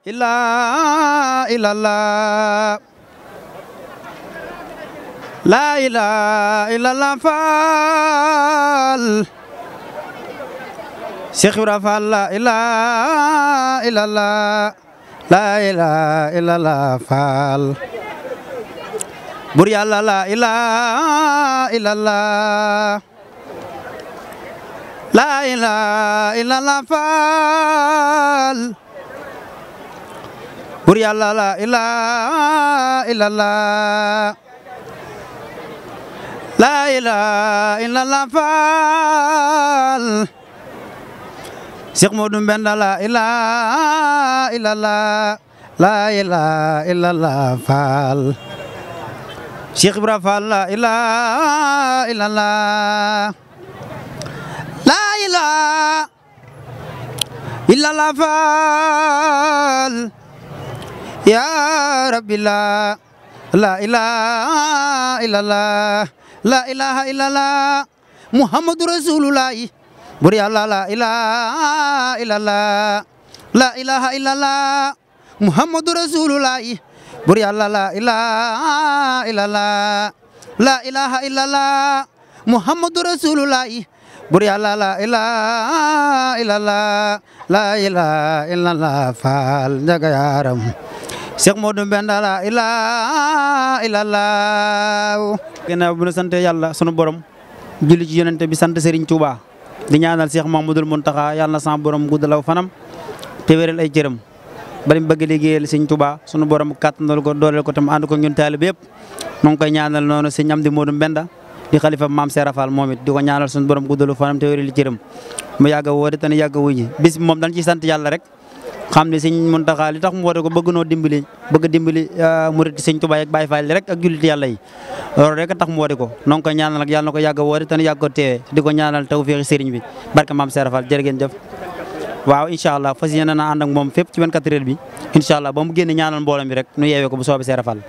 ilaa ilaallah laa ilaa ilaallah faal Cheikh Ibrahima Fall laa ilaa ilaallah laa Yàlla laa ilaa ilaallah laa faal bur yàlla la ilaha illallah la ilaha illallah faal Cheikh Modou Mbenda la ilaha illallah la ilaha illallah faal Cheikh Ibra Fall la ilaha illallah la ilaha illallah faal يا رب لا لا إله إلا الله لا إله إلا الله محمد رسول الله بري الله لا إله إلا الله لا إله إلا الله محمد رسول الله بري الله لا إله إلا الله لا إله إلا الله محمد رسول الله buri yàlla la ilaha illallah la ilaha illallah faal njaga yaaram Cheikh Modou Mbenda la ilaa ilallaaw. ginnaaw bi ñu sant yàlla sunu borom julli ci yonente bi sant Serigne Touba di ñaanal Cheikh Mamadou Mountakha yàlla na sama borom guddalaw fanam te wéral ay cëram bari mu bëgg liggéeyal Serigne Touba sunu borom kàttanal ko dooleel ko tam ànd ko ñun taalibe yëpp mu koy ñaanal noonu Serigne Amdi Modou Mbenda di xalifa maam Serap Fall moom it di ko ñaanal sunu borom guddalu fanam te wéral ay cëram mu yàgg a woote te ne yàgg a wuy sant yàlla rek. xam ne sëñ Muntaxa li tax mu woote ko bëgg noo dimbali bëgg dimbali uh, murit sëñ Tuubaa ak Baay Faal rek ak jullit yàlla yi loolu rek tax mu woote ko noo ngi koy ñaanal ak na ko yàgg a woote te nu yàgg ko teewee di ko ñaanal tawféexi sëriñ bi barke maam Serap Fall jërë ngeen jëf waaw incha allah fas yéene naa ànd ak moom fépp ci 24 heures bi incha ba mu génne ñaanal mbooloo mi rek nu yeewee ko bu soobee Serap Fall